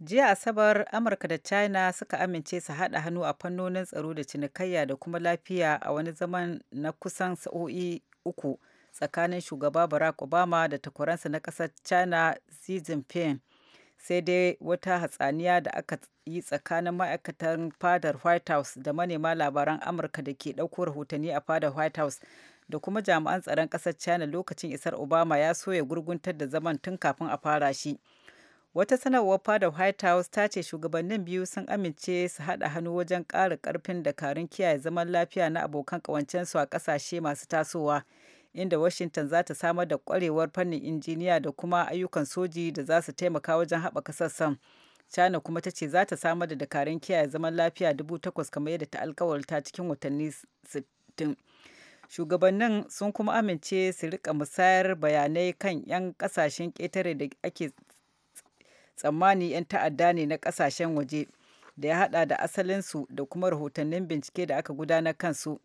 Jiya Asabar, Amurka da China suka amince su haɗa hannu a fannonin tsaro da cinikayya da kuma lafiya a wani zaman na kusan sa'o'i uku tsakanin shugaba Barack Obama da takwaransa na ƙasar China Xi Jinping. Sai dai wata hatsaniya da aka yi tsakanin ma'aikatan fadar White House da manema labaran Amurka da ke ɗauko rahotanni a fadar White House da kuma jami'an tsaron ƙasar China lokacin isar Obama ya so ya gurguntar da zaman tun kafin a fara shi. Wata sanarwar fadar White House ta ce shugabannin biyu sun amince su haɗa hannu wajen ƙara ƙarfin dakarun kiyaye zaman lafiya na abokan ƙawancensu a ƙasashe masu tasowa, inda Washington za ta samar da ƙwarewar fannin injiniya da kuma ayyukan soji da za su taimaka wajen haɓaka sassan. China kuma ta ce za ta samar da dakarun kiyaye zaman lafiya dubu takwas kamar yadda ta alkawarta cikin watanni 60. shugabannin sun kuma amince su riƙa musayar bayanai kan 'yan ƙasashen ƙetare da ake tsammani 'yan ta'adda ne na kasashen waje da ya hada da asalinsu da kuma rahotannin bincike da aka gudanar kansu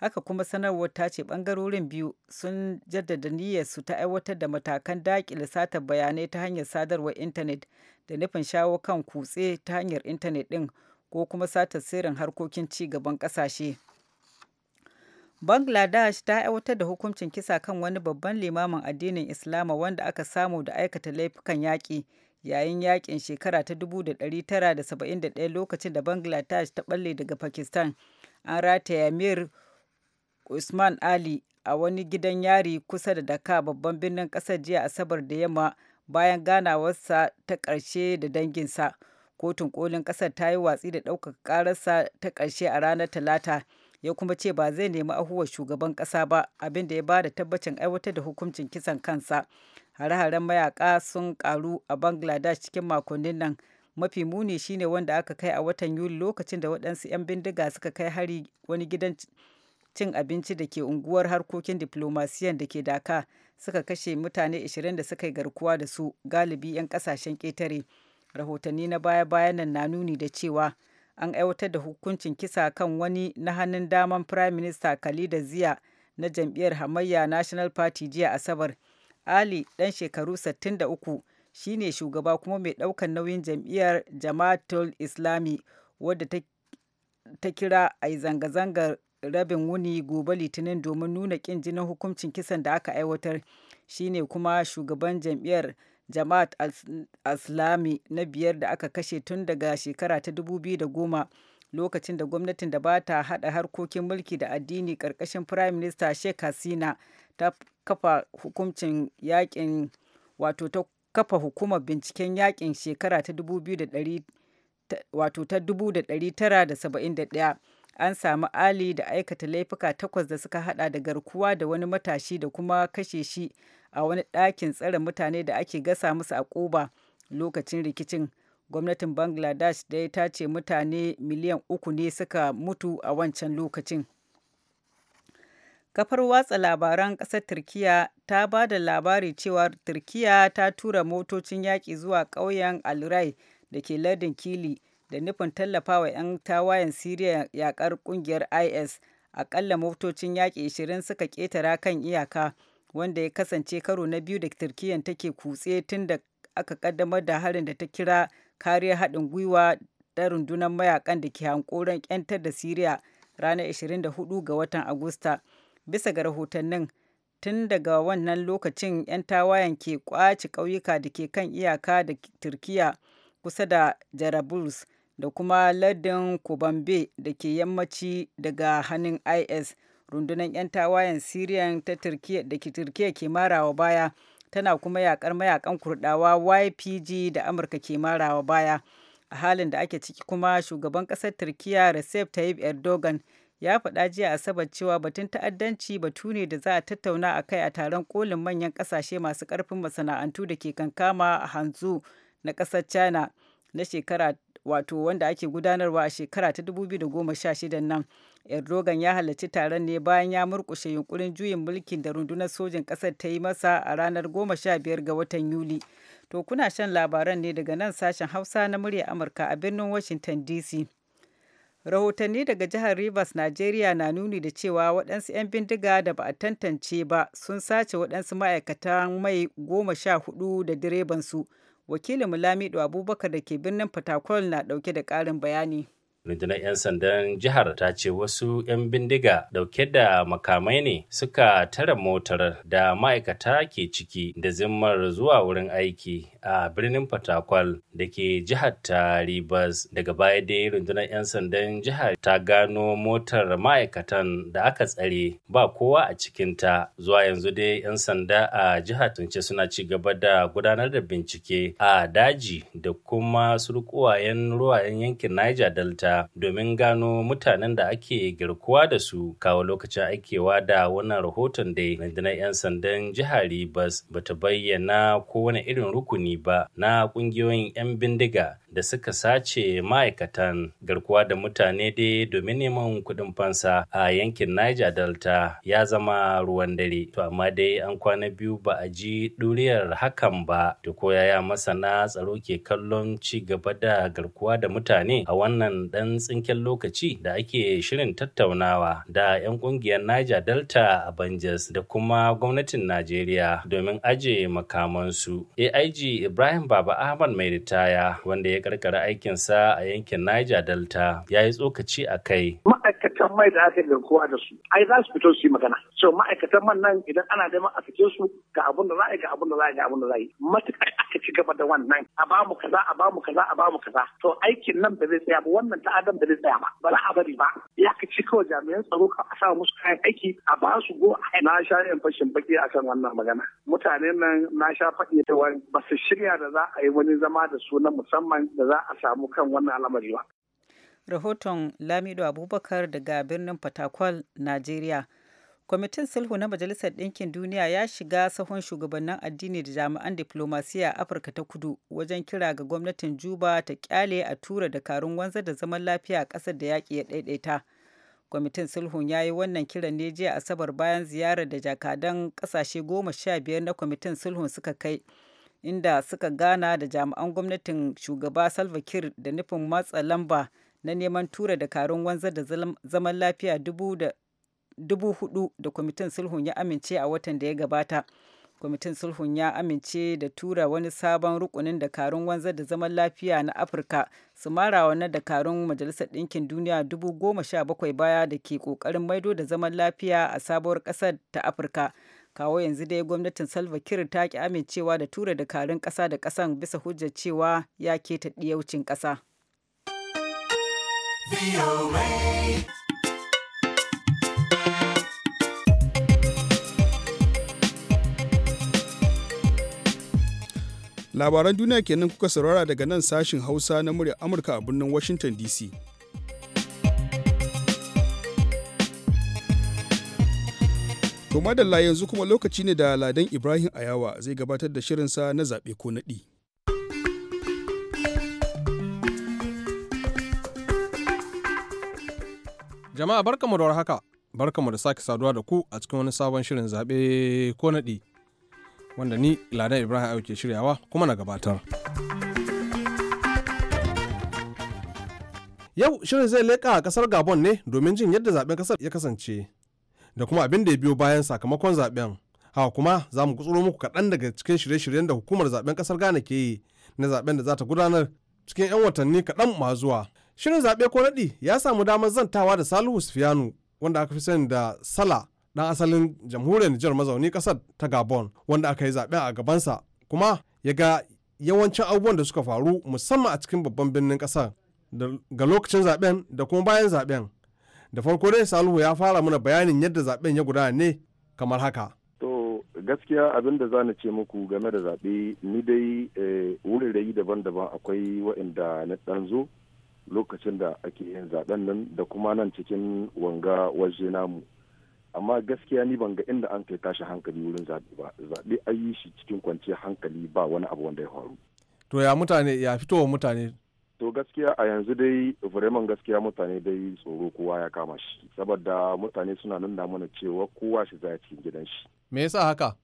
haka kuma sanarwar ta ce bangarorin biyu sun jaddada niyyar su ta aiwatar da matakan daƙile satar bayanai ta hanyar sadarwar intanet da nufin shawo kan kutse ta hanyar intanet ɗin ko kuma satar sirrin harkokin ci gaban ƙasashe bangladesh ta aiwatar da hukuncin kisa kan wani babban limamin addinin islama wanda aka samu da aikata laifukan yaƙi yayin yakin shekara ta 1971 lokacin da bangladesh ta balle daga pakistan an rataya mir usman ali a wani gidan yari kusa da daka babban birnin kasar jiya asabar da yamma bayan ganawarsa ta ƙarshe da danginsa kotun kolin ƙasar ta yi watsi da ɗaukaka ƙararsa ta ƙarshe a ranar talata ya kuma ce ba zai nemi ahuwar shugaban kasa ba abin da ya ba da tabbacin aiwatar da hukuncin kisan kansa hare-haren mayaka sun karu a bangladesh cikin makonnin nan mafi muni shine wanda aka kai a watan yuli lokacin da waɗansu 'yan bindiga suka kai hari wani gidan cin abinci da ke unguwar harkokin diplomasiyan da ke daka suka kashe mutane 20 da suka yi garkuwa da su galibi 'yan kasashen ƙetare rahotanni na baya-bayan nan na nuni da cewa an aiwatar da hukuncin kisa kan wani na hannun daman Prime Minister Khalida Ziya na jam'iyyar hamayya National Party jiya Asabar. Ali ɗan shekaru 63 shine shugaba kuma mai ɗaukar nauyin jam'iyyar Jama'atul Islami wadda ta kira a yi zanga-zangar rabin wuni gobe litinin domin nuna ƙin jinin hukuncin kisan da aka aiwatar shine kuma shugaban jam'iyyar jama'at aslami na biyar da aka kashe tun daga shekara ta 2010 lokacin da gwamnatin da ba ta haɗa harkokin mulki da addini ƙarƙashin Firayim Minista Sheikh Hasina ta kafa hukuncin yakin wato ta kafa hukumar binciken yakin shekara ta ta 1971 an samu ali da aikata laifuka takwas da suka hada da garkuwa da wani matashi da kuma kashe shi a wani ɗakin tsare mutane da ake gasa musu a ƙoba lokacin rikicin gwamnatin bangladesh dai ta ce mutane miliyan uku ne suka mutu a wancan lokacin kafar watsa labaran ƙasar turkiya ta ba da labari cewa turkiya ta tura motocin yaƙi zuwa ƙauyen alrai da ke lardin kili da nufin tallafawa 'yan tawayen siriya yaƙar ƙungiyar is aƙalla motocin yaƙi 20 suka ƙetara kan iyaka wanda ya kasance karo na biyu da turkiyyar take kutse tun da aka kaddamar da harin da ta kira kariyar haɗin gwiwa da rundunar mayakan da ke hankoron kyantar da siriya ranar 24 ga watan agusta bisa ga rahotannin tun daga wannan lokacin 'yan tawayen ke kwaci ƙauyuka da ke kan iyaka da turkiya kusa da Jarabulus da kuma lardin kobambe da ke yammaci daga hannun is rundunar 'yan tawayen syrian ta turkiya da ke turkiya ke marawa baya tana kuma yakar mayakan kurdawa ypg da amurka ke marawa baya a halin da ake ciki kuma shugaban kasar turkiya recep tayyip erdogan ya faɗa jiya asabar cewa batun ta'addanci batu ne da za a tattauna a kai a taron kolin manyan ƙasashe masu karfin masana'antu da ke kankama a hanzu na ƙasar china na shekara wato wanda ake gudanarwa a shekara ta 2016 nan Erdogan ya halarci taron ne bayan ya murkushe yunkurin juyin mulkin da rundunar sojin ƙasar ta yi masa a ranar 15 ga watan Yuli. To kuna shan labaran ne daga nan sashen Hausa na murya Amurka a birnin Washington DC. Rahotanni daga jihar Rivers, Najeriya na nuni da cewa waɗansu 'yan bindiga da ba a tantance ba sun sace waɗansu ma'aikatan mai goma sha hudu da direbansu. Wakilin Mulamido Abubakar da ke birnin Fatakwal na ɗauke da ƙarin bayani. rundunar 'yan sandan jihar ta ce wasu 'yan bindiga dauke da makamai ne suka tare motar da ma'aikata ke ciki da zimmar zuwa wurin aiki a birnin fatakwal da ke jihar ta ribas daga baya dai rundunar 'yan sandan jihar ta gano motar ma'aikatan da aka tsare ba kowa a cikinta zuwa yanzu dai 'yan sanda a jihar tunce suna ci gaba da gudanar da bincike a daji da kuma ruwayen yankin niger delta domin gano mutanen da ake girkuwa da su kawo lokacin aikewa da wannan rahoton dai rundunar 'yan sandan jihar Rivers bata bayyana kowane irin rukuni ba na ƙungiyoyin 'yan bindiga da suka sace ma'aikatan garkuwa da mutane dai domin neman kuɗin fansa a yankin Niger Delta ya zama ruwan dare. To amma dai an kwana biyu ba a ji ɗuriyar hakan ba da koyaya masana tsaro ke kallon ci gaba da garkuwa da mutane a wannan ɗan tsinken lokaci da ake shirin tattaunawa da 'yan ƙungiyar Niger Delta a Banjas da kuma gwamnatin Najeriya domin aje makamansu. AIG Ibrahim Baba Ahmad mai ritaya wanda ya karkara aikinsa a yankin Niger Delta ya yi tsokaci a kai. Ma'aikatan mai da aka garkuwa da su, ai za su fito su yi magana. So ma'aikatan man nan idan ana da a su ga abin da za a yi ga abin da za yi ga abin da za yi. Matuƙar aka ci gaba da wannan a ba mu kaza a ba mu kaza a ba mu kaza. To aikin nan ba zai tsaya ba wannan ta adam ba zai tsaya ba. Ba za a bari ba. Ya ka ci kawai jami'an tsaro ka sa musu kayan aiki a ba su go a na sha yin fashin baki akan wannan magana. Mutanen nan na sha faɗi wani. ba su shirya da za a yi wani zama da su na musamman da za a samu kan wannan al'amari ba. Rahoton Lamido Abubakar daga birnin Fatakwal, Najeriya. Kwamitin Sulhu na Majalisar Ɗinkin Duniya ya shiga sahun shugabannin addini da jami'an diplomasiya Afirka ta Kudu wajen kira ga gwamnatin Juba ta kyale a tura da karun wanzar da zaman lafiya a ƙasar da yaƙi ya ɗaiɗaita. kwamitin sulhun ya yi wannan kiran ne jiya asabar bayan ziyarar da jakadan ƙasashe goma sha biyar na kwamitin sulhun suka kai inda suka gana da jami'an gwamnatin shugaba Salva Kiir da nufin matsa lamba na neman tura da karun wanzar da zaman lafiya dubu hudu da kwamitin sulhun ya amince a watan da ya gabata. Kwamitin sulhun ya amince da tura wani sabon rukunin dakarun wanzar da zaman lafiya na Afirka su marawa na dakarun Majalisar Ɗinkin Duniya dubu goma sha bakwai baya da ke ƙoƙarin maido da zaman lafiya a sabuwar ƙasar ta Afirka. kawo yanzu dai gwamnatin salva kiir ta ki amincewa da tura da dakarun ƙasa da ƙasan bisa hujjar cewa ya ta ɗiyaucin ƙasa labaran duniya kenan kuka saurara daga nan sashin hausa na murya amurka a birnin washington dc To madalla yanzu kuma lokaci ne da Ladan Ibrahim Ayawa zai gabatar da shirinsa na zaɓe ko naɗi. Jama'a barkamu da warhaka, barkamu da sake saduwa da ku a cikin wani sabon shirin zaɓe ko naɗi wanda ni Ladan Ibrahim Ayawa ke shiryawa kuma na gabatar. Yau shirin zai leƙa a ƙasar Gabon ne domin jin yadda zaɓen ƙasar ya kasance. da kuma abin da ya biyo bayan sakamakon zaben haka kuma za mu kutsuro muku kaɗan daga cikin shirye-shiryen da hukumar zaben ƙasar ghana ke yi na zaben da za ta gudanar cikin 'yan watanni kaɗan ma zuwa shirin zaɓe ko naɗi ya samu damar zantawa da salihu sufiyanu wanda aka fi sani da sala ɗan asalin jamhuriyar nijar mazauni ƙasar ta gabon wanda aka yi zaɓen a gabansa kuma ya ga yawancin abubuwan da suka faru musamman a cikin babban birnin ƙasar ga lokacin zaɓen da kuma bayan zaɓen da farko dai salihu ya fara mana bayanin yadda zaben ya gudana ne kamar haka to gaskiya abin da za na ce muku game da zaɓe ni dai eh, wurirai daban-daban akwai waɗanda na ɗan zo lokacin da ake yin zaben nan da kuma nan cikin wanga waje namu amma gaskiya ni ban ga inda an kai tashi hankali wurin zaɓe ba zaɓe an shi cikin kwanciyar hankali ba wani abu wanda ya faru to ya mutane ya fito wa mutane to gaskiya a yanzu dai vraiment gaskiya mutane dai tsoro kowa ya kama shi saboda mutane suna nuna mana cewa kowa shi za cikin gidan shi me yasa haka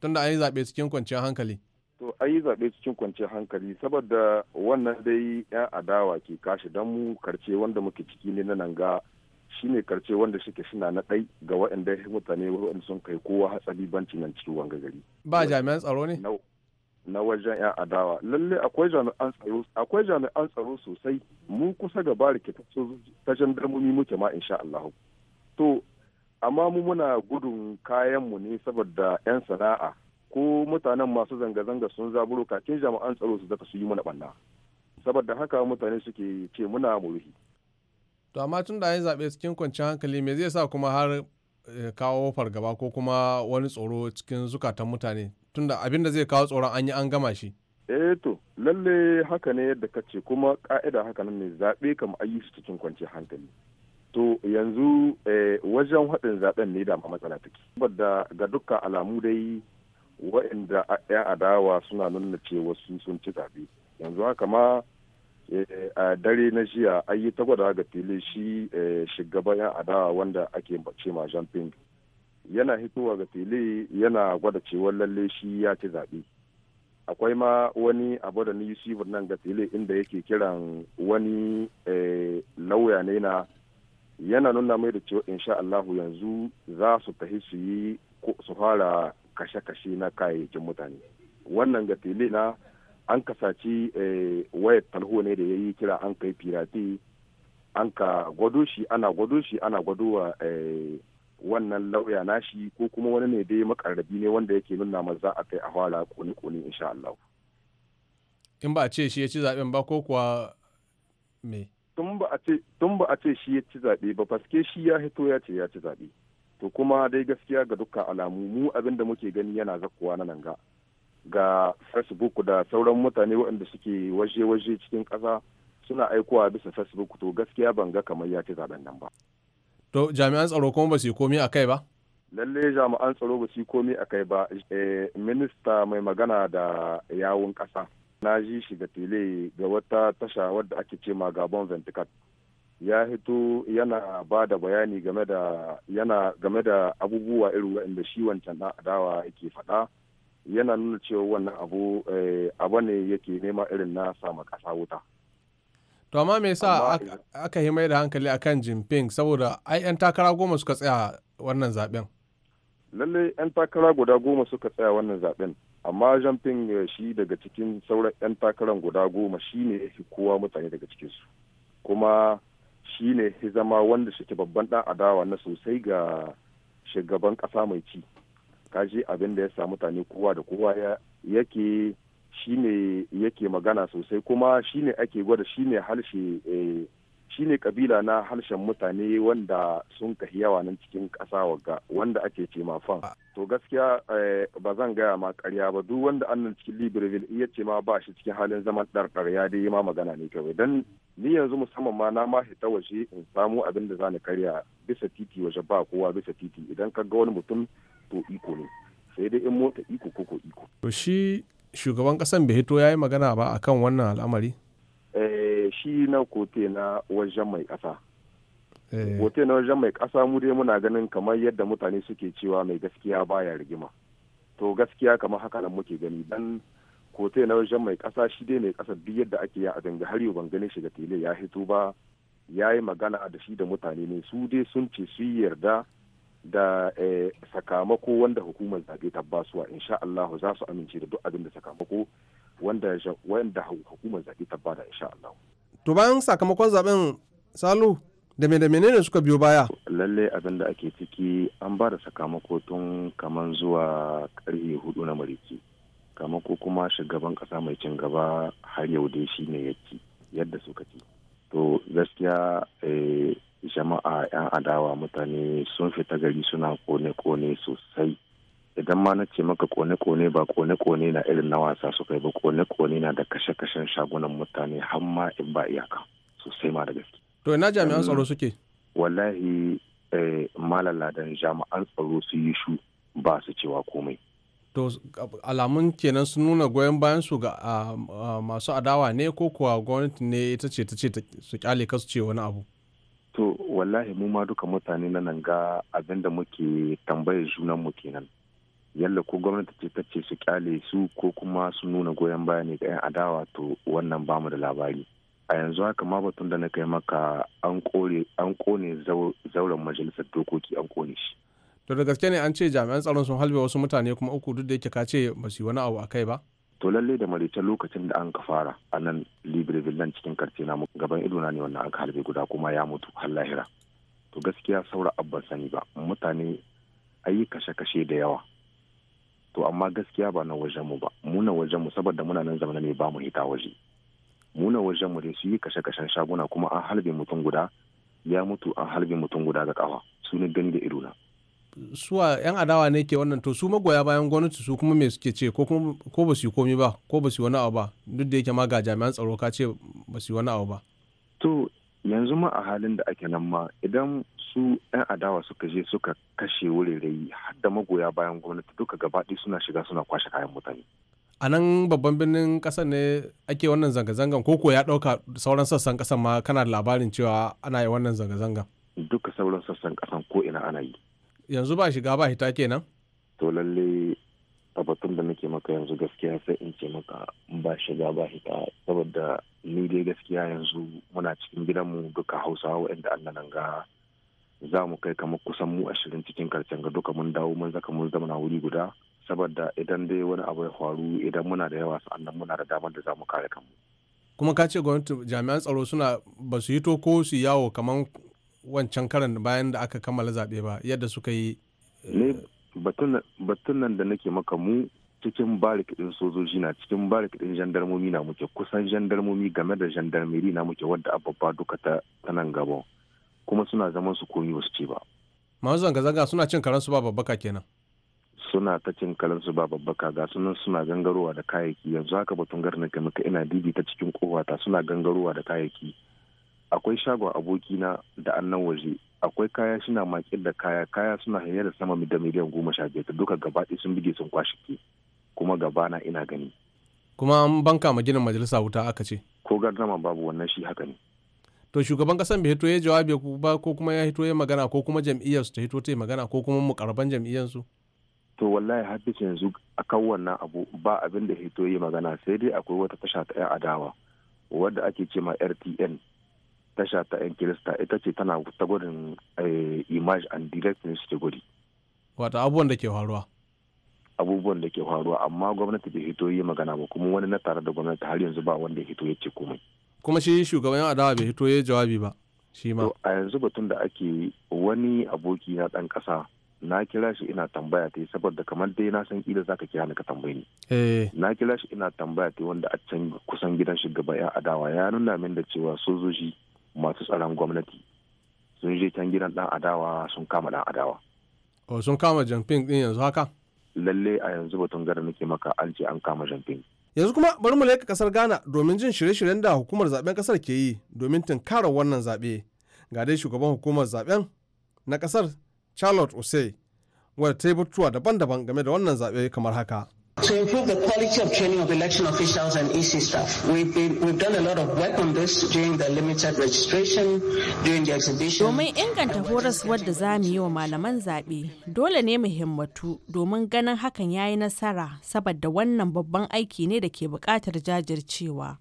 tunda an yi zaɓe cikin kwanciyar hankali to an yi zaɓe cikin kwanciyar hankali saboda wannan dai 'ya' adawa ke kashi don mu karce wanda muke ciki ne na nanga shi ne karce wanda shike suna na ɗai ga waɗanda mutane waɗanda sun kai kowa hatsari banci nan cikin wanga gari ba jami'an tsaro ne na wajen 'yan adawa lalle akwai jami'an tsaro akwai jami'an tsaro sosai mu kusa ga ba ta jandarmomi muke ma insha Allah to amma mu muna gudun kayan mu ne saboda 'yan sana'a ko mutanen masu zanga-zanga sun zaburo kakin jami'an tsaro su zaka su yi mana banna saboda haka mutane suke ce muna murhi to amma tun da an zaɓe cikin kwanciyar hankali me zai sa kuma har eh, kawo fargaba ko kuma wani tsoro cikin zukatan mutane tunda abin da zai kawo tsoron an yi an gama shi eh to lalle haka ne yadda ka ce kuma ka'ida haka nan ne zaɓe kamar ayi su cikin kwanciyar hankali to yanzu eh, wajen haɗin zaɓen ne da matsala take saboda ga dukkan alamu dai waɗanda ya adawa suna nuna cewa su sun ci zaɓe yanzu haka ma eh, a dare na jiya ayi ta gwada ga tele shi eh, shigaba ya adawa wanda ake bace ma jean ping yana hitowa ga tele yana gwada cewa lalle shi ya ci zaɓe akwai ma wani abu da ni receiver nan ga tele inda yake kiran wani eh, lauya ne na yana nuna mai da cewa insha Allahu yanzu za su tafi su yi su fara kashe-kashe na kayayyakin mutane wannan ga tele na an kasaci eh, wayar talho ne da ya yi kira an kai firati an ka gwado shi ana gwado shi ana gwado wa eh, wannan lauya nashi ko kuma wani ne dai makarrabi ne wanda yake nuna ma za a kai a fara kuni kuni insha Allah in ba a ce shi ya ci zaben ba ko kuwa me tun ba a ce shi ya ci zaɓe ba faske shi ya hito ya ce ya ci zaɓe to kuma dai gaskiya ga dukkan alamu mu abin da muke gani yana zakkuwa na nan ga ga facebook da sauran mutane waɗanda suke waje-waje cikin ƙasa suna aikowa bisa facebook to gaskiya ban ga kamar ya ci zaɓen nan ba To jami'an tsaro kuma ba su yi komi a kai ba? Lalle jami'an tsaro ba su yi komi a kai ba. Eh, minista mai magana da yawun ƙasa. Na ji shi ga tele ga wata tasha wadda ake ce ma Gabon Venticat. Ya hito yana ba da bayani game da yana game da abubuwa irin waɗanda shi wancan ɗan adawa yake faɗa. Yana nuna cewa wannan abu eh, abu ne yake nema irin na sama ƙasa wuta. to amma me yasa aka yi mai da hankali akan jinping saboda ai yan takara goma suka tsaya wannan zaben lalle yan takara guda goma suka tsaya wannan zaben amma jinping eh, shi daga cikin sauran yan takaran guda goma shi ne ya fi kowa mutane daga cikinsu kuma shi ne ya zama wanda shi babban ɗan adawa na sosai ga shugaban kasa mai ci kaji abin da ya sa mutane kowa da kowa yake shine yake magana sosai kuma shine ake gwada shine harshe eh, shine kabila na harshen mutane wanda sun kahi yawa nan cikin ƙasa waga wanda ake ce ma fan to gaskiya eh, ba zan gaya ma karya ba duk wanda annan cikin libreville iya ce ma ba shi cikin halin zaman ɗarɗar ya dai ma magana ne kawai dan ni yanzu musamman ma na ma hita waje in samu abin da zani karya bisa titi waje ba kowa bisa titi idan ka ga wani mutum to iko ne sai dai in mota iko ko iko to shi shugaban kasan bai hito ya yi magana ba akan wannan al'amari eh, shi na kote na wajen mai kasa eh. kote na wajen mai kasa mu dai muna ganin kamar yadda mutane suke cewa mai gaskiya baya rigima to gaskiya kamar haka nan muke gani dan kote na wajen mai kasa shi dai mai kasa duk yadda ake yi a danga har yau ban ganin shiga tele ya hito ba ya yi magana da shi da mutane ne su dai sun ce su yarda da eh, sakamako wanda hukumar zaɓe ta basuwa insha Allah za su amince da duk abin da sakamako wanda hukumar zaɓe ta bada insha Allah to bayan sakamakon zaben salu da me da menene suka biyo baya lalle abin da ake ciki an ba da sakamako tun kaman zuwa karfe hudu na mariki kamako kuma shugaban kasa mai cin gaba har yau dai shi ne yadda suka ci to gaskiya eh, jama'a 'yan adawa mutane sun fita gari suna kone-kone sosai idan ma na ce maka kone-kone ba kone-kone na irin na wasa suka yi ba kone-kone na da kashe-kashen shagunan mutane har ma in ba iyaka sosai ma da gaske. To ina jami'an tsaro suke? Wallahi eh, malaladan jami'an tsaro su yi shu ba su cewa komai. To alamun kenan sun nuna goyon bayan su ga ah, ah, masu adawa ne ko kuwa gwamnati ne ita ce ta ce su kyale kasu ce wani abu? to wallahi mu ma duka mutane na nan ga abin da muke tambayar junan mu kenan yalla ko gwamnati ce ta ce su kyale su ko kuma su nuna goyon baya ne ga 'yan adawa to wannan bamu da labari a yanzu haka ma batun da na kai maka an kone zauren majalisar dokoki an kone shi to da gaske ne an ce jami'an tsaron sun halbe wasu mutane kuma uku duk da yake ka ce ba su yi wani abu a kai ba to lalle da marita lokacin da an ka fara a nan libreville nan cikin karce na gaban idona ne wannan aka harbe guda kuma ya mutu har lahira to gaskiya saura abban sani ba mutane ayi kashe-kashe da yawa to amma gaskiya ba na wajen mu ba mu na wajen mu saboda muna nan zamana ne ba mu hita waje mu na wajen mu dai su yi kashe-kashen shaguna kuma an halbe mutum guda ya mutu an halbe mutum guda ga kawa su ne gani da idona suwa yan adawa ne ke wannan to su magoya bayan gwamnati su kuma me suke ce ko ba su yi komi ba ko ba su yi wani abu ba duk da yake ma ga jami'an tsaro ka ce ba su yi wani abu ba to yanzu ma a halin da ake nan ma idan su yan adawa suka je suka kashe wurare har da magoya bayan gwamnati duka ɗaya suna shiga suna kwashe kayan mutane a nan babban birnin ƙasar ne ake wannan zanga-zangan ko ko ya ɗauka sauran sassan ƙasar ma kana da labarin cewa ana yi wannan zanga-zangan duka sauran sassan ƙasan ko ina ana yi yanzu ba shiga ba hita kenan to lalle a batun da nake maka yanzu gaskiya sai in ce maka ba shiga ba hita saboda ni dai gaskiya yanzu muna cikin gidanmu duka hausawa wa'anda allah nan ga za mu kai kamar kusan mu ashirin cikin karshen ga duka mun dawo mun zaka mun zama wuri guda saboda idan dai wani abu ya faru idan muna da yawa sa'annan muna da damar da za mu kare kanmu kuma ka ce gwamnati jami'an tsaro suna ba su yi to ko su yawo kamar wancan karan bayan da aka kammala zaɓe ba yadda suka yi ne batun nan da nake maka mu cikin barikidin sojoji na cikin barikidin jandarmomi na muke kusan jandarmomi game da jandarmeri na muke wadda ababba duka ta nan gaba kuma suna zaman su komi wasu ce ba masu zanga-zanga suna cin karansu ba babbaka kenan suna ta cin karansu ba babbaka ga sunan suna gangarowa da kayayyaki yanzu haka batun garin ka muka ina bibi ta cikin kowata suna gangarowa da kayayyaki akwai shagon abokina da annan waje akwai kaya suna makin da kaya kaya suna hanyar da sama da miliyan goma sha biyar ta, duka gaba ɗaya sun bige sun kwashe ke kuma gaba na ina gani kuma an banka ma ginin majalisa wuta aka ce ko gardama babu wannan shi haka ne to shugaban kasan bai hito ya jawabi ba ko kuma ya hito ya magana ko kuma jam'iyyar su ta hito ta magana ko kuma mukarban jam'iyyar su to wallahi har hafiz yanzu a kan wannan abu ba abin da hito ya magana sai dai akwai wata tasha ta yan adawa wadda ake ce ma RTN tasha ta 'yan kirista ita ce tana ta gudun eh, image and directness ta gudi wata abubuwan da ke faruwa abubuwan da ke faruwa amma gwamnati bai hito yi magana ba kuma wani na tare da gwamnati har yanzu ba wanda ya hito ya ce komai kuma shi shugaban adawa bai hito ya jawabi ba shi ma a yanzu batun da ake wani aboki na dan kasa na kira shi ina tambaya ta saboda kamar dai na san kila zaka kira ni ka tambaye ni eh. na kira shi ina tambaya ta wanda a can kusan gidan shugaban yan adawa ya nuna min da cewa sojoji masu tsaron gwamnati sun je can gidan dan adawa sun kama dan adawa o oh, sun kama jamfin din yanzu haka lalle a yanzu batun gara nake maka an ce an kama jamfin yanzu kuma bari mu leka kasar ghana domin jin shirye-shiryen da hukumar zaben kasar ke yi domin tunkarar wannan zaɓe ga dai shugaban hukumar zaben na kasar charlotte osei wadda ta yi batutuwa daban-daban game da wannan zaɓe kamar haka To improve the quality of training of election officials and EC staff, we've, been, we've done a lot of work on this during the limited registration, during the exhibition. Domin inganta horaswar da za mu yi wa malaman zaɓe, dole ne mu himmatu domin ganin hakan ya yi nasara saboda wannan babban aiki ne da ke buƙatar jajircewa.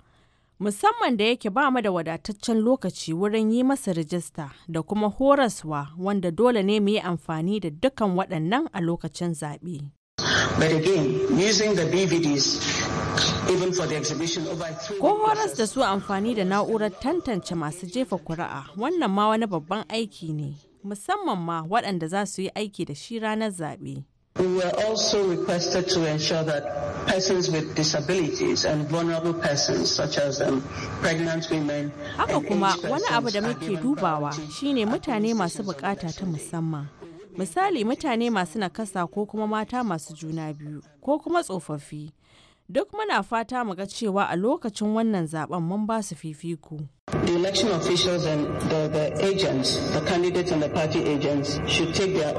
Musamman da yake ba mu da wadataccen lokaci wurin yi masa rijista da kuma horaswa wanda dole ne mu yi amfani da dukan waɗannan a lokacin zaɓe. But again, using the BVDs even for the exhibition over three horas da su amfani da na'urar tantance masu jefa kuri'a wannan ma wani babban aiki ne musamman ma waɗanda za su yi aiki da shi ranar zaɓe. We were also requested to ensure that persons with disabilities and vulnerable persons such as um, pregnant women Haka kuma wani abu da muke dubawa shine mutane masu bukata ta musamman. misali mutane masu nakasa ko kuma mata masu juna biyu ko kuma tsofaffi duk muna fata mu ga cewa a lokacin wannan zaben mun ba su fifiko. The election officials and the, the agents, the candidates and the party agents should take their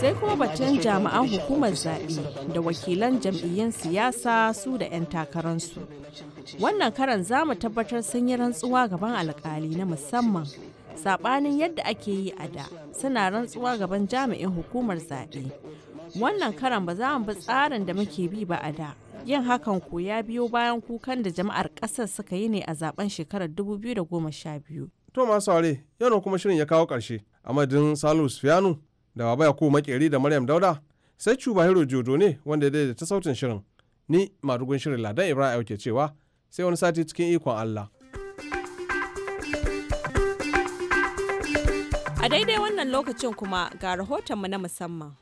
Sai kuma batun jami'an hukumar zaɓe da wakilan jam'iyyun siyasa su da 'yan takararsu. Wannan karan za mu tabbatar sun yi rantsuwa gaban alkali na musamman sabanin yadda ake yi a da suna rantsuwa gaban jami'in hukumar zaɓe wannan karan ba za mu bi tsarin da muke bi ba a da yin hakan ko ya biyo bayan kukan da jama'ar ƙasar suka yi ne a zaben shekarar 2012 to masu ware yau kuma shirin ya kawo ƙarshe a madadin salus sufiyanu da baba yakubu makeri da maryam dauda sai cuba hero jodo ne wanda ya daidaita sautin shirin ni madugun shirin ladan ibrahim ke cewa sai wani sati cikin ikon allah daidai wannan lokacin kuma ga rahotonmu na musamman.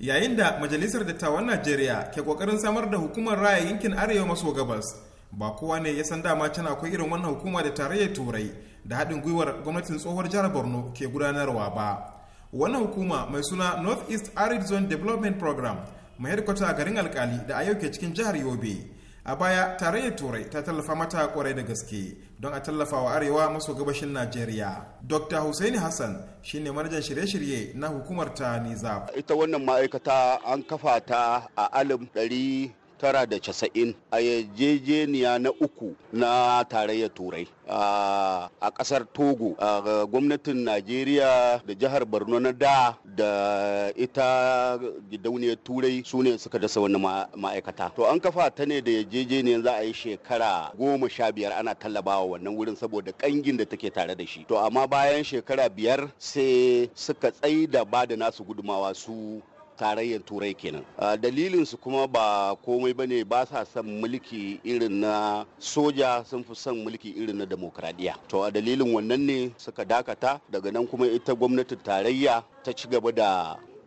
Yayin da Majalisar Dattawan Najeriya ke kokarin samar da hukumar raya yankin Arewa maso gabas, ba kowa ne ya san dama can akwai irin wannan hukuma da tarayyar Turai da haɗin gwiwar gwamnatin tsohuwar jihar Borno ke gudanarwa ba. Wannan hukuma mai suna North East Arid Zone Development Program mai a garin alkali da a yau ke cikin jihar Yobe. a baya tarayyar turai ta tallafa mata kwarai da gaske don a tallafa wa arewa maso gabashin najeriya dr hussaini hassan shine manajan shirye-shirye na hukumar ta niza ita wannan ma'aikata an kafa ta a alim ɗari da casa'in a yarjejeniya na uku na tarayyar turai a ƙasar togo A gwamnatin najeriya da jihar borno na da da ita gidauniyar turai Sune suka dasa wani ma'aikata to an kafa ta ne da yarjejeniyar za a yi shekara goma sha biyar ana tallabawa wannan wurin saboda kangin da take tare da shi to amma bayan shekara biyar sai suka tsaida ba da nasu gudumawa su tarayyar turai kenan dalilin su kuma ba komai bane ba sa son mulki irin na soja sun fi son mulki irin na demokradiya to a dalilin wannan ne suka dakata daga nan kuma ita gwamnatin tarayya ta ci gaba da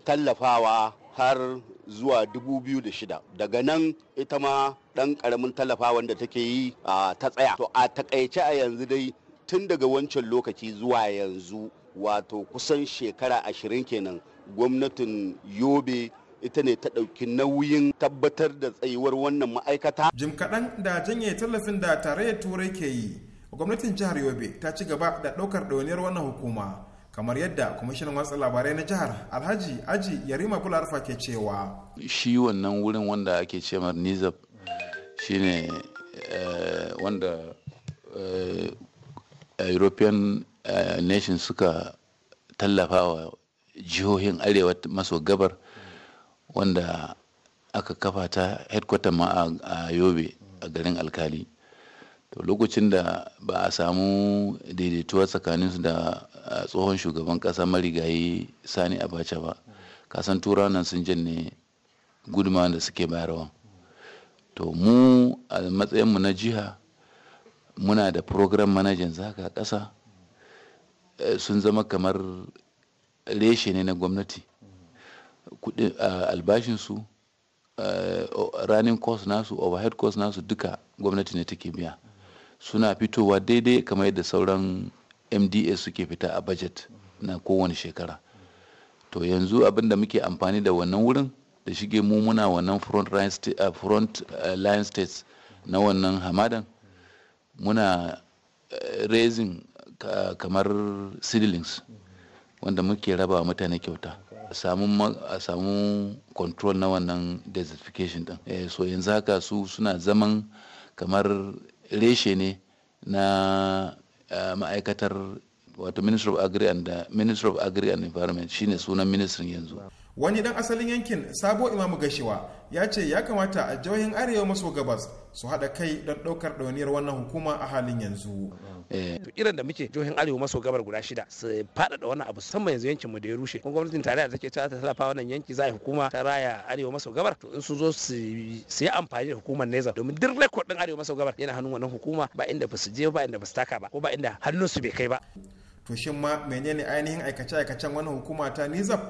tallafawa har zuwa 2006 daga nan ita ma ɗan karamin tallafa wanda take yi ta tsaya to a takaice a yanzu dai tun daga wancan lokaci zuwa yanzu wato kusan shekara ashirin kenan gwamnatin yobe ita ne ta ɗauki nauyin tabbatar da tsayuwar wannan ma'aikata. jim kaɗan da janye tallafin da tarayyar turai ke yi gwamnatin jihar yobe ta ci gaba da ɗaukar ɗauniyar wannan hukuma kamar yadda kwamishinan watsa labarai na jihar alhaji aji yarima bularfa ke cewa shi wannan wurin wanda ake ce mar nizab shine eh, wanda eh, european nation suka tallafa wa jihohin arewa maso gabar wanda aka kafa ta headquarter ma a yobe a garin alkali to lokacin da ba a samu daidaituwa tsakaninsu da tsohon shugaban kasa marigayi sani abacha ba kasan tura nan sun janne gudunmawa da suke bayarwa to mu a matsayinmu na jiha muna da program manajan zaka kasa sun zama kamar reshe ne na gwamnati kudin albashinsu ranin cost nasu overhead cost nasu duka gwamnati ne take biya suna fitowa daidai kamar yadda sauran mda suke fita a budget na kowane shekara to yanzu abinda muke amfani da wannan wurin da shige mu muna wannan front line states na wannan hamadan muna eh, raising kamar seedlings wanda muke raba wa mutane kyauta a samu control na wannan desertification din eh, so yanzu haka su suna zaman kamar reshe ne na eh, ma'aikatar wato minister of agri and minister of agri and environment shine sunan ministrin yanzu wani dan asalin yankin sabo imamu gashiwa ya ce ya kamata a jihohin arewa maso gabas su haɗa kai don ɗaukar ɗauniyar wannan hukuma a halin yanzu. Eh, irin da muke jihohin arewa maso gabar guda shida su faɗaɗa wannan abu musamman yanzu yankin mu da ya rushe kuma gwamnatin tarayya take ta ta tallafa wannan yanki za a hukuma ta raya arewa maso gabar to in su zo su yi amfani da hukumar neza domin duk rekod ɗin arewa maso gabar yana hannun wannan hukuma ba inda ba su je ba inda ba su taka ba ko ba inda hannun su bai kai ba. to shin ma menene ainihin aikace-aikacen wannan hukuma ta nizaf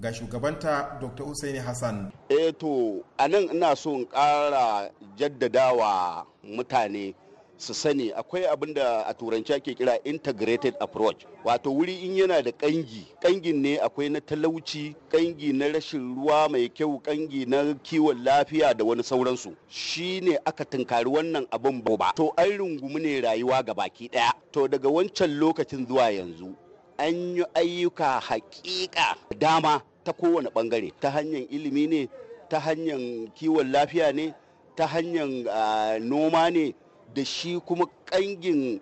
ga shugabanta dr Hussaini hassan eh to a nan ina so in ƙara jaddadawa mutane su sani akwai abin da a turanci ake kira integrated approach wato wuri in yana da kangi kangin ne akwai na talauci kangi na rashin ruwa mai kyau kangi na kiwon lafiya da wani sauransu shi ne aka tunkari wannan abin boba to an rungumi ne rayuwa ga baki daya to daga wancan lokacin zuwa yanzu an yi ayyuka hakika dama ta kowane bangare ta hanyar ilimi ne ta hanyar kiwon lafiya ne ta hanyar noma ne da shi kuma kangin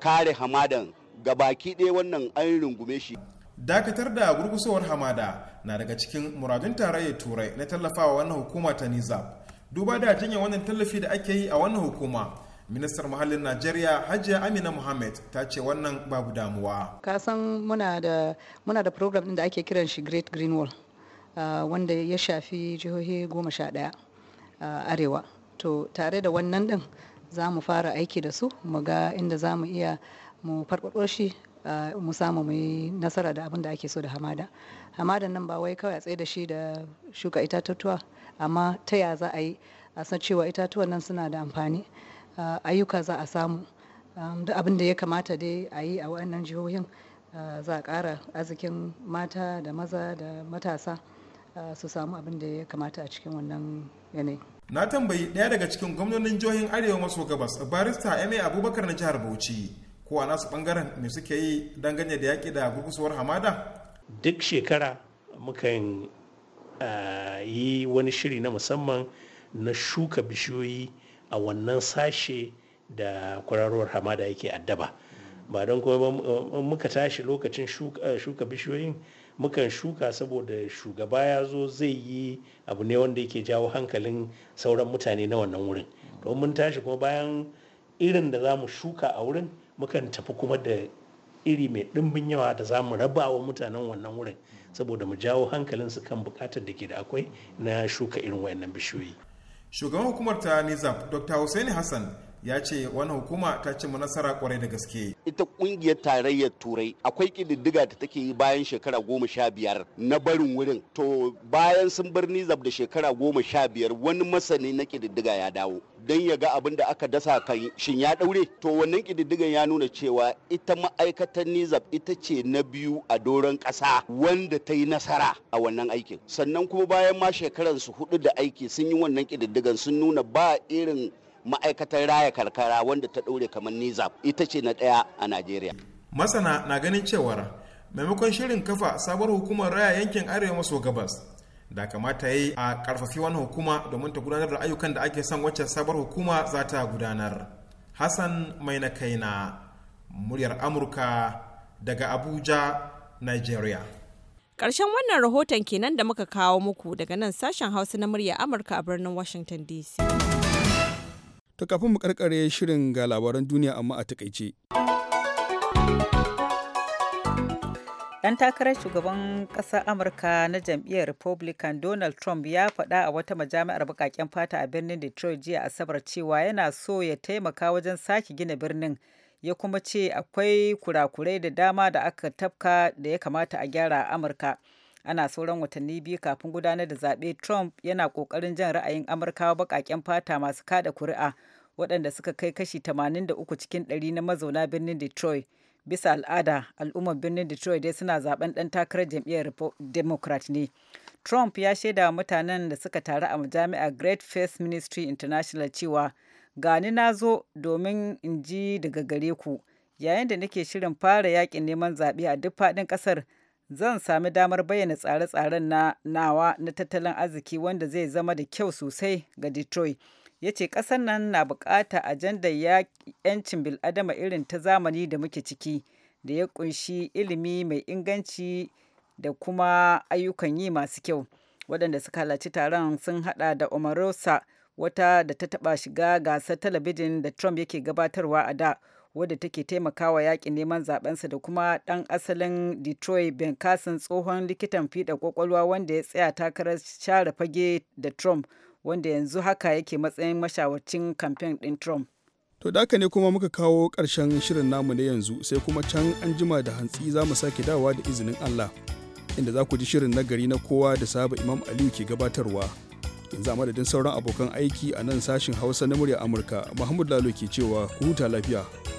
kare hamadan ga baki ɗaya wannan an rungume shi dakatar da gurgusowar hamada na daga cikin muradun tarayyar turai na tallafawa wannan hukuma ta nizam duba da jinyar wannan tallafi da ake yi a wannan hukuma ministar muhallin najeriya hajiya amina muhammad ta ce wannan babu damuwa kasan muna da muna da program din da ake kiran shi great green wall uh, wanda ya shafi jihohi goma sha daya uh, arewa to tare da wannan din za mu fara aiki da su mu ga inda za mu iya mu farfado shi uh, mu samu mu nasara da abin da ake so da hamada hamadan nan ba wai kawai a tsaye da shi da shuka itatuwa, amma ta ya za a yi a san cewa itatuwan nan suna da amfani Ah, ayyuka za a samu duk abin da ya kamata dai a yi a wannan jihohin ah, za a ƙara arzikin mata da maza da matasa ah, su samu abin da ya kamata a cikin wannan yanayi. na tambayi ɗaya daga cikin gwamnonin jihohin arewa maso gabas barista ma abubakar na jihar bauchi ko a nasu ɓangaren me suke yi dangane da yaƙi da gurgusuwar hamada duk shekara muka yi wani shiri na musamman na shuka bishiyoyi a wannan sashe da kwararowar hamada yake addaba ba don kuma muka tashi lokacin shuka bishiyoyin mukan shuka saboda shugaba ya zo zai yi abu ne wanda yake jawo hankalin sauran mutane na wannan wurin to mun tashi kuma bayan irin da za mu shuka a wurin mukan tafi kuma da iri mai ɗimbin yawa da za mu raba wa mutanen wannan wurin saboda mu jawo hankalinsu kan bukatar da ke da akwai na shuka irin wayannan bishiyoyi shugaban hukumar ta nizam dr hussaini hassan ya ce wani hukuma ta ci nasara kwarai da gaske. Ita kungiyar tarayyar turai akwai kididdiga da take yi bayan shekara goma sha biyar na barin wurin. To bayan sun bar Nizab da shekara goma sha biyar wani masani na kididdiga ya dawo. Don ya ga abin da aka dasa kan shin ya daure. To wannan kididdigan ya nuna cewa ita ma'aikatar Nizab ita ce na biyu a doron ƙasa wanda ta yi nasara a wannan aikin. Sannan kuma bayan ma shekaransu hudu da aiki sun yi wannan kididdigan sun nuna ba irin ma'aikatar raya karkara wanda ta ɗaure kamar nizam ita ce na ɗaya a najeriya masana na ganin cewar maimakon shirin kafa sabuwar hukumar raya yankin arewa maso gabas da kamata yi a karfafi wani hukuma domin ta gudanar da ayyukan da ake son wacce sabuwar hukuma za ta gudanar hassan mai na kai na muryar amurka daga abuja nigeria ƙarshen wannan rahoton kenan da muka kawo muku daga nan sashen hausa na murya amurka a birnin washington dc To kafin mu karkare shirin ga labaran duniya amma a takaice. ɗan takarar shugaban ƙasar Amurka na jam'iyyar Republican Donald Trump ya faɗa a wata majami'ar baƙaƙen fata a birnin Detroit jiya Asabar cewa yana so ya taimaka wajen sake gina birnin ya kuma ce akwai kurakurai da dama da aka tafka da ya kamata a gyara a Amurka. ana sauran watanni biyu kafin gudanar da zaɓe trump yana ƙoƙarin jan ra'ayin amurkawa baƙaƙen fata masu kada kuri'a waɗanda suka kai kashi 83 cikin 100 na mazauna birnin detroit bisa al'ada al'ummar birnin detroit dai suna zaben ɗan takarar jam'iyyar democrat ne trump ya shaida wa mutanen da suka taru a majami'ar great faith ministry international cewa gani na zo domin in ji daga gare ku yayin da nake shirin fara yakin neman zaɓe a duk faɗin ƙasar zan sami damar bayyana tsare-tsaren na nawa na tattalin arziki wanda zai zama da kyau sosai ga Detroit. Ya ce kasan nan na bukata ajandar ‘yancin bil'adama irin ta zamani da muke ciki, da ya kunshi ilimi mai inganci da kuma ayyukan yi masu kyau. Waɗanda suka halarci taron sun hada da Omarosa, wata da ta taba shiga gasar talabijin da Trump yake gabatarwa a da. wadda take taimakawa yakin neman zabensa da kuma dan asalin detroit ben carson tsohon likitan fiɗa kwakwalwa wanda ya tsaya takarar share fage da trump wanda yanzu haka yake matsayin mashawarcin kamfen ɗin trump to da ne kuma muka kawo karshen shirin namu na yanzu sai kuma can an jima da hantsi za mu sake dawa da izinin allah inda za ku ji shirin nagari na kowa da saba imam aliyu ke gabatarwa yanzu a madadin sauran abokan aiki a nan sashin hausa na murya amurka muhammadu lalo ke cewa ku huta lafiya